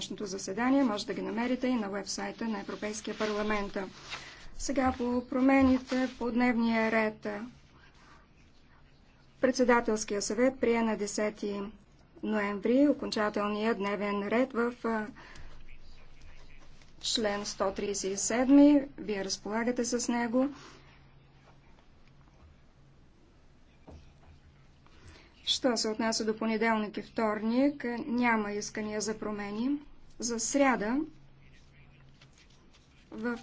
Днешното заседание може да ги намерите и на вебсайта на Европейския парламент. Сега по промените по дневния ред. Председателския съвет прие на 10 ноември окончателния дневен ред в член 137. Вие разполагате с него. Що се отнася до понеделник и вторник, няма искания за промени за сряда в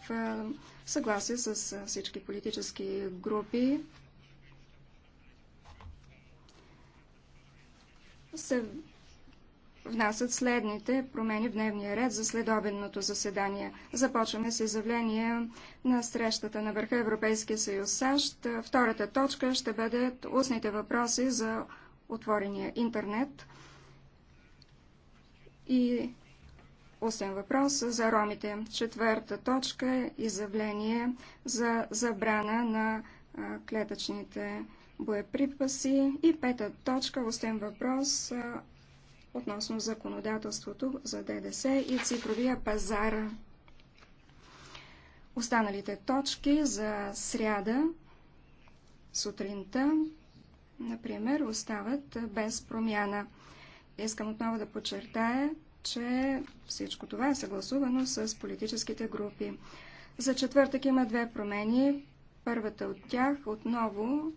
съгласие с всички политически групи се внасят следните промени в дневния ред за следобедното заседание. Започваме с изявление на срещата на върха Европейския съюз САЩ. Втората точка ще бъдат устните въпроси за отворения интернет и устен въпрос за ромите. Четвърта точка е изявление за забрана на клетъчните боеприпаси. И пета точка устен въпрос относно законодателството за ДДС и цифровия пазар. Останалите точки за сряда сутринта, например, остават без промяна. Искам отново да подчертая, че всичко това е съгласувано с политическите групи. За четвъртък има две промени. Първата от тях отново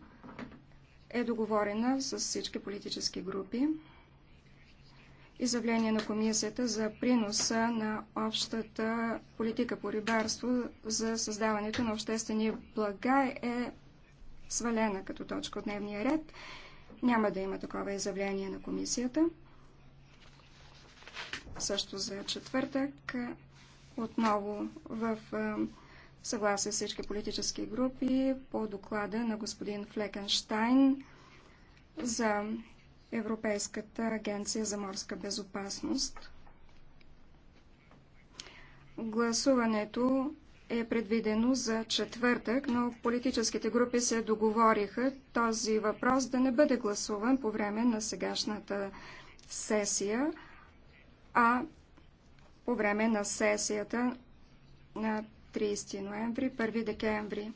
е договорена с всички политически групи. Изявление на комисията за приноса на общата политика по рибарство за създаването на обществени блага е свалена като точка от дневния ред. Няма да има такова изявление на комисията също за четвъртък. Отново в е, съгласие с всички политически групи по доклада на господин Флекенштайн за Европейската агенция за морска безопасност. Гласуването е предвидено за четвъртък, но политическите групи се договориха този въпрос да не бъде гласуван по време на сегашната сесия, а по време на сесията на 30 ноември, 1 декември.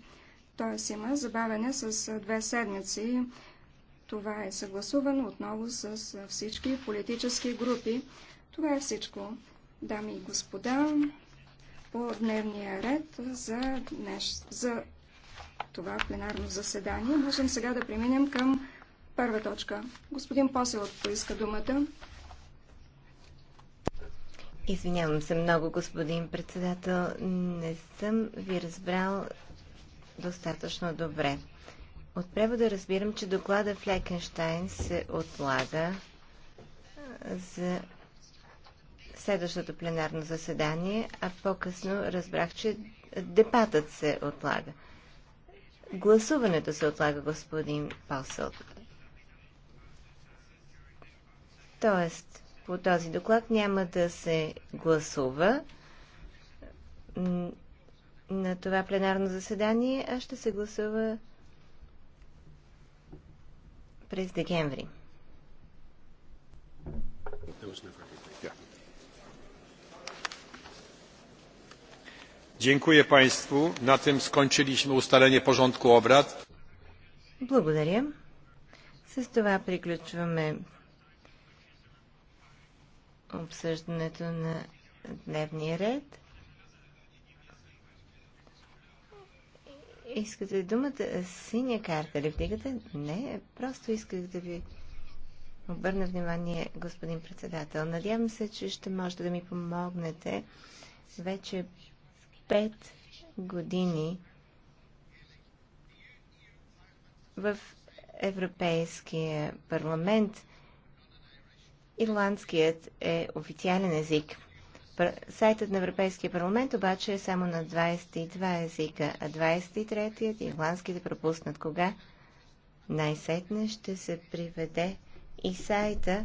Т.е. има забавяне с две седмици. Това е съгласувано отново с всички политически групи. Това е всичко, дами и господа, по дневния ред за, днеш... за това пленарно заседание. Можем сега да преминем към първа точка. Господин Посел, поиска думата. Извинявам се много, господин председател. Не съм ви разбрал достатъчно добре. От превода разбирам, че доклада Флекенштайн се отлага за следващото пленарно заседание, а по-късно разбрах, че депатът се отлага. Гласуването се отлага, господин Пасъл. Тоест, по този доклад няма да се гласува на това пленарно заседание, а ще се гласува през декември. Dziękuję Państwu. Na tym skończyliśmy ustalenie porządku obrad. Благодаря. С това приключваме обсъждането на дневния ред. Искате думата синя карта ли вдигате? Не, просто исках да ви обърна внимание, господин председател. Надявам се, че ще можете да ми помогнете. Вече пет години в Европейския парламент Ирландският е официален език. Сайтът на Европейския парламент обаче е само на 22 езика, а 23-ият ирландски да е пропуснат кога. Най-сетне ще се приведе и сайта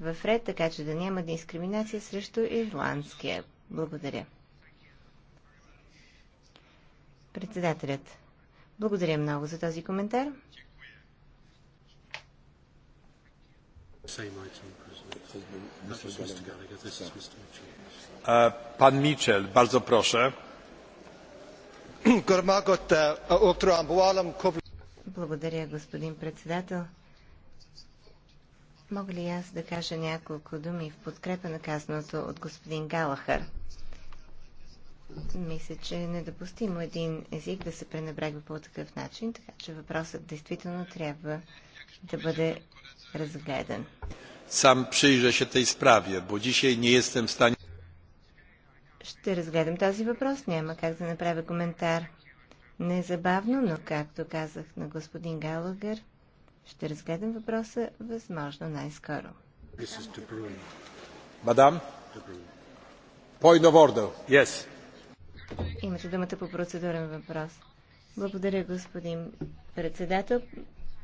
в ред, така че да няма дискриминация срещу ирландския. Благодаря. Председателят. Благодаря много за този коментар. same item, President. That was Mr. Gallagher. This is Mr. Mitchell. E, pan Mitchell, bardzo proszę. Е, Благодаря, господин председател. Мога ли аз да кажа няколко думи в подкрепа на казаното от господин Галахър? Мисля, че е недопустимо един език да се пренебрегва по такъв начин, така че въпросът действително трябва да да бъде разгледан. Сам przyjrzę се тъй справя, бо dzisiaj не естем w Ще разгледам този въпрос. Няма как да направя коментар незабавно, но както казах на господин Галагър, ще разгледам въпроса възможно най-скоро. Мадам? Point of order. Yes. Имате думата по процедурен въпрос. Благодаря, господин председател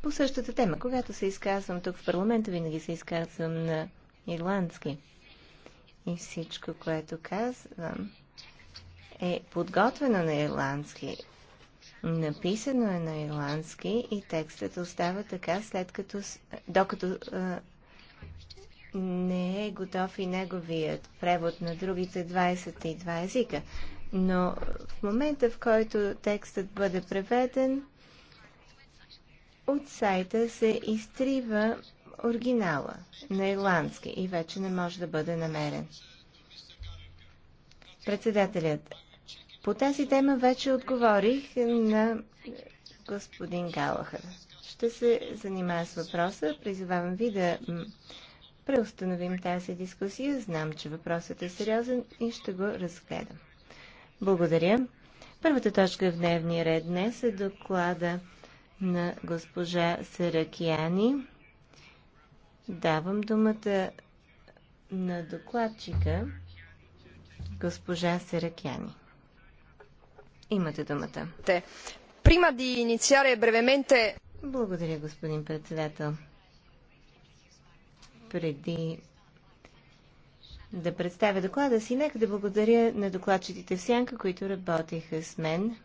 по същата тема. Когато се изказвам тук в парламента, винаги се изказвам на ирландски. И всичко, което казвам, е подготвено на ирландски. Написано е на ирландски и текстът остава така, след като, докато а, не е готов и неговият превод на другите 22 езика. Но в момента, в който текстът бъде преведен, от сайта се изтрива оригинала на ирландски и вече не може да бъде намерен. Председателят, по тази тема вече отговорих на господин Галахър. Ще се занимая с въпроса. Призовавам ви да преустановим тази дискусия. Знам, че въпросът е сериозен и ще го разгледам. Благодаря. Първата точка в дневния ред днес е доклада на госпожа Саракияни. Давам думата на докладчика госпожа Саракияни. Имате думата. Те. Прима ди инициаре бревементе. Благодаря, господин председател. Преди да представя доклада си, нека да благодаря на докладчиците в Сянка, които работиха с мен